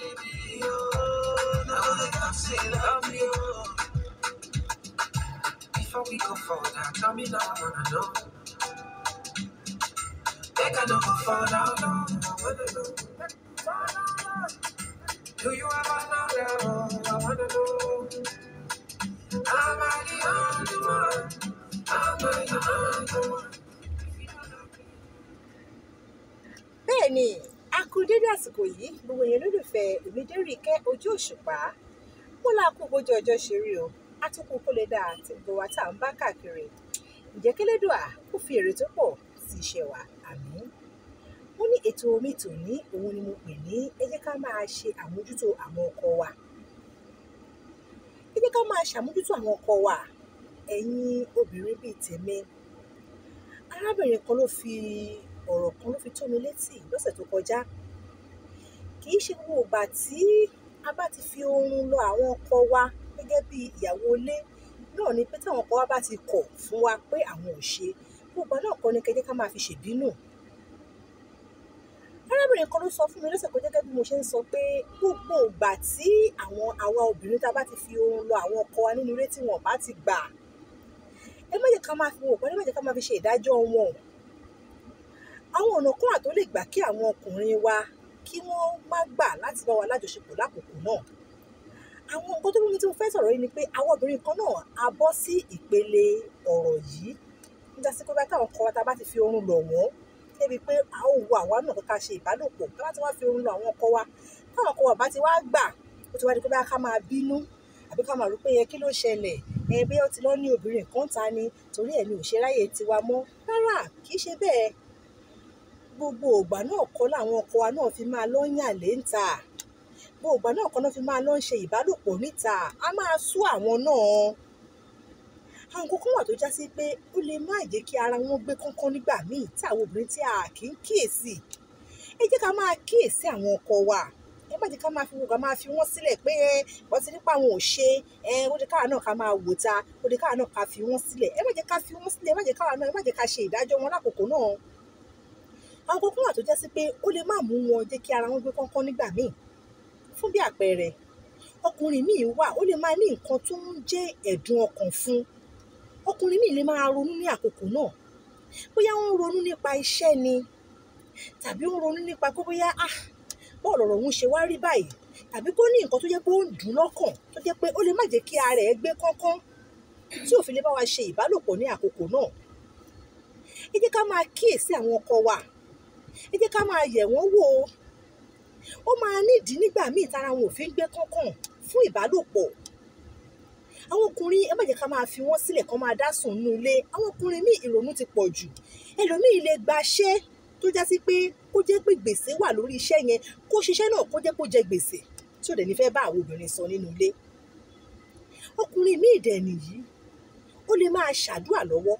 Before we go further, tell me now what to know. They can never fall down, no. Do you ever know that? Oh, I wanna know. Am I the only one? Am I the only one? bẹ́ẹ̀ ni a kú dédé àsìkò yìí gbogbo yẹn lólùfẹ́ Ìmídérìíkẹ́ ojú òṣùpá kó la kú bójú ọjọ́ ṣe rí o a tún kú kó lè dà àti gbogbo wa tá à ń bá káàkiri ǹjẹ́ kélédùà kó fi èrè tó pọ̀ sí iṣẹ́ wa àmín wọ́n ní ètò omi tòní òun ni mo pè ní ẹ jẹ́ ká máa ṣe àmójútó àwọn ọkọ wa ẹ jẹ́ ká máa ṣàmójútó àwọn ọkọ wa ẹ̀yin obìnrin bíi tèmi arábìnrin kan ló fi ọ̀rọ̀ kan ló fi tó mi létí lọ́sẹ̀ tó kọjá kì í ṣe gbogbo ìgbà tí a bá ti fi oorun lọ àwọn ọkọ wa gẹ́gẹ́ bí ìyàwó ilé náà ni pé táwọn ọkọ wa bá ti kọ̀ fún wa pé àwọn ò ṣe gbogbo náà kọ́ ni kẹjẹ́ ká máa fi ṣèbínú. arábìnrin kan ló sọ fún mi lọ́sẹ̀ kan gẹ́gẹ́ bí mo ṣe ń sọ pé gbogbo ìgbà tí àwọn àwa obìnrin tá a bá ti fi oorun lọ àwọn ọkọ wa nínú ilé tí wọn bá ti gbà ẹ má jẹ́ ká máa fi wọn pẹ́ ẹ má jẹ́ ká máa fi ṣe ìdájọ́ wọn àwọn ọ̀nà kan àtó lè gbà kí àwọn ọkùnrin wa kí wọ́n má gbà láti bá wa lájọṣepọ̀ lákòókò náà àwọn nǹkan tó mú mi tí mo fẹ́ sọ̀rọ̀ yìí ni pé àwọn obìnrin kan náà a bọ́ sí ìpele ọ̀rọ̀ yìí nígbà tí kóbá táwọn kọ́ wa tá a bá ti fi oorun lọ̀ wọ́n débi pé a ó wo àwa náà ká ṣe ìbálòpọ̀ ká bá ti wá fi oorun lọ àwọn ọkọ wa táwọn ọkọ wa bá ti wá gbà ó ti wá di pé bá ká máa bínú àbí ká máa rò pé yẹ kí ló ṣẹlẹ̀ ẹ bí ó ti lọ ní obìnrin kan ta ni torí ẹ̀ ni ò ṣe mọ́ rárá kì í ṣe bẹ́ẹ̀ gbogbo ìgbà náà kọ́ làwọn ọkọ wa náà fi máa lọ ń yàn léńtà gbogbo ìgbà náà kọ́ náà fi máa lọ ń ṣe ìbálòpọ̀ níta a máa sú àwọn náà àwọn kókó wà tó já sí pé ó lè má jẹ́ kí ara wọn gbé kánkán nígbà míì tí àwọn obìnrin tí a kì í kíyèsí ẹ jẹ́ ká máa kíyèsí àwọn ọkọ wa ẹ má jẹ́ ká máa fi wọ́n ká máa fi wọ́n sílẹ̀ pé wọ́n ti nípa àwọn ò ṣe ẹ ó di káwa náà ká máa wò ta ó di káwa náà ká fi wọ́n sílẹ̀ ẹ má jẹ́ ká fi wọ́n sílẹ̀ ẹ má jẹ́ káwa náà ẹ má jẹ́ ká ṣe ìdájọ́ wọn lákòókò náà àwọn kókó wà tó jẹ́ sí pé ó lè má mú wọn jẹ́ kí ara wọn gbé kánkán nígbà míì fún bí àpẹẹrẹ ọkùnrin míì wà ó lè máa ní nǹkan tó ń jẹ́ ẹ̀dùn ọkàn fún ọkùnrin míì lè máa ronú ní àkókò náà bóyá ó ń ronú nípa iṣẹ́ ni tàbí ó ń ronú nípa pé bóyá ah bọ́ọ̀lù ọ̀rọ̀ òun ṣe wá rí báyìí tàbí kó ní nǹkan tó jẹ́ pé ó ń dùn lọ́kàn tó jẹ́ pé ó lè má jẹ́ kí ara ẹ̀ gbé kánkán tí òfin lè bá wa ṣe ìbálòpọ̀ ní àkókò náà ẹ jẹ́ ká máa kíyèsí àwọn ọkọ wa ẹ jẹ́ ká máa yẹ̀ wọ́n wò ó ó máa nídìí nígbà míì tára wọn ò fi ń gbé kánkàn fún ìbálòpọ̀ àwọn ọkùnrin ẹ má jẹ́ ká máa fi wọ́n sílẹ̀ kán máa dá sùn nínú ilé àwọn ọkùnrin ní ìrònú ti pọ̀ jù ẹlòmíì lè gbaṣẹ́ tó já sí pé kó jẹ́ pé gbèsè wà lórí iṣẹ́ yẹn kó ṣiṣẹ́ náà kó jẹ́ kó jẹ gbèsè tí ò dẹ̀ ní fẹ́ bá àwọn obìnrin sọ nínú ilé ọkùnrin míì dẹ̀ nìyí ó lè máa ṣàdúà lọ́wọ́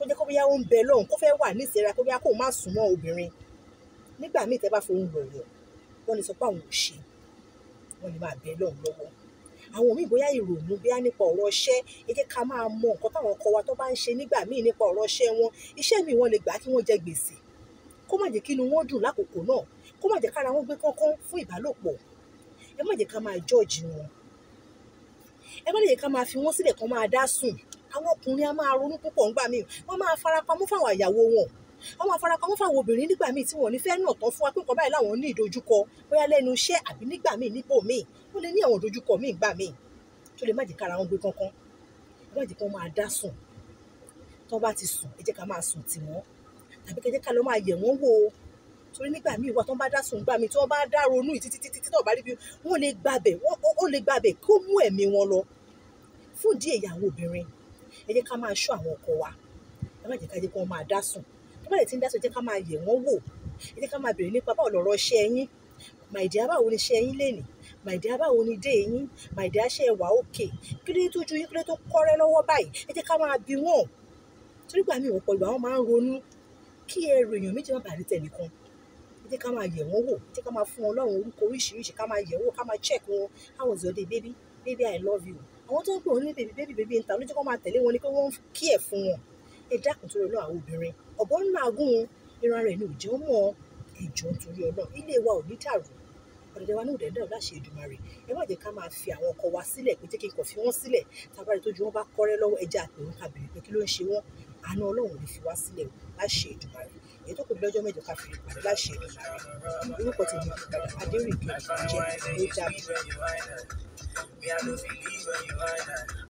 kó jẹ́ kó bóyá ó ń bẹ lọ́hùn kó fẹ́ wà ní ìsẹ́ra kó bóyá kó má sùn mọ́ obìnrin nígbà míì tẹ́ bá fohùn lọ̀yọ̀ wọ́n lè sọ pé àwọn ò ṣe wọ́n lè máa bẹ lọ́hùn lọ́wọ́ àwọn míì bóyá ìrònú bóyá nípa ọ̀rọ̀ iṣẹ́ ẹ jẹ́ ká máa mọ nǹkan táwọn ọkọ wa tó bá ń ṣe nígbà míì nípa ọ̀rọ̀ iṣẹ́ wọn iṣẹ́ míì wọ́n lè gbà kí wọ́n jẹ gbèsè kó má jẹ́ kí inú wọn dùn lákòókò náà kó má jẹ́ kára wọn gbé kánkán fún ìbálòpọ̀ ẹ má jẹ́ ká máa jọ́ọ̀jì wọn ẹ má jẹ́ ká máa fi wọ́n sílẹ̀ kán máa dá sùn àwọn ọkùnrin a máa ronú púpọ̀ ńgbà míì wọ́n máa farapamọ́ fáwọn àyàwó wọn wọ́n máa farapamọ́ fáwọn obìnrin nígbà míì tí wọ́n ní fẹ́ nà tán fún wa pé nǹkan báyìí làwọn ní ìdojúkọ bóyá lẹ́nu iṣẹ́ àbí nígbà míì nípò míì wọ́n lè ní àwọn ìdojúkọ míì gbà míì tó lè má jẹ́ kára wọn gbé kankan má jẹ́ kán máa dá sùn tó bá ti sùn ẹ jẹ́ ká máa sùn tì wọ́n tàbí kẹ́ jẹ́ ká lọ máa yẹ̀ wọ́n wò ó torí nígbà míì wà tó ń bá dá sùn gbà míì tí wọ́n bá dá ronú yìí títí títí tó bá rí bí wọ́n lè gbàbẹ̀ wọ́n ó lè gbàbẹ̀ kó mú ẹ̀mí wọn lọ fún díẹ̀ ìyàwó obìnrin ẹ jẹ́ ká máa ṣọ́ àwọn ọkọ wa ẹ má jẹ́ ká jẹ́ kí wọ́n máa dá sùn tó bá lè ti ń dá sùn ẹ jẹ́ ká máa yẹ̀ wọ́n wò ẹ jẹ́ ká máa bèrè nípa báwo lọ̀rọ̀ ṣẹ́ yín my dear báwo ni ṣẹ́ yín lénìí my dear báwo ni dé yín my dear ṣe wà òkè kí ló tó ju yín kí ló tó kọ́rẹ́ lọ́wọ́ báyìí ẹ jẹ́ ká máa bi wọ́n torígbà míì ọ̀pọ̀ ìgbà wọn máa ń ronú kí ẹrù èèyàn méjì má bàa rí tẹnìkan ẹ jẹ́ ká máa yẹ̀ wọ́n wò ẹ jẹ́ ká máa fún wọn lọ́rùn orúkọ oríṣiríṣi ká máa yẹ̀ wò ká máa check wọn how was your day baby baby i love you àwọn tó ń pè wọn ní bèbí bèbí bèbí ń ta lójú kan máa tẹ̀lé wọn ni pé wọ́n ń kí ẹ̀ fún wọn ẹ dákun torí ọlọ́ àwọn obìnrin ọ̀bọ ńlá agún wọn ìran rẹ̀ ni òjò mọ́ ẹ̀jọ̀ torí ọlọ́ ilé wa ò ní dàrú ọ̀dọ̀dẹ̀ wa ní òdẹ̀ dàrú láṣẹ Èdùmàrè ẹ má jẹ́ ká máa fi àwọn ọkọ wa sílẹ̀ pé jẹ́ kí n kàn fi wọ́n sílẹ̀ tábàárẹ̀ tójú wọn bá kọ́rẹ́ lọ́wọ́ ẹja àpè wọn ká bèrè pé kí ló ń ṣe wọ́n àánú Ọlọ́run lè fi wá sílẹ̀ láṣẹ Èdùmàrè èyí tó kù lọ́jọ́ mẹ́jọ ká fi ìpàdé láṣẹ Èdùmàrè orúkọ tèmi Adérìnkè jẹ́ ló dábì. He was also a member of the Liberal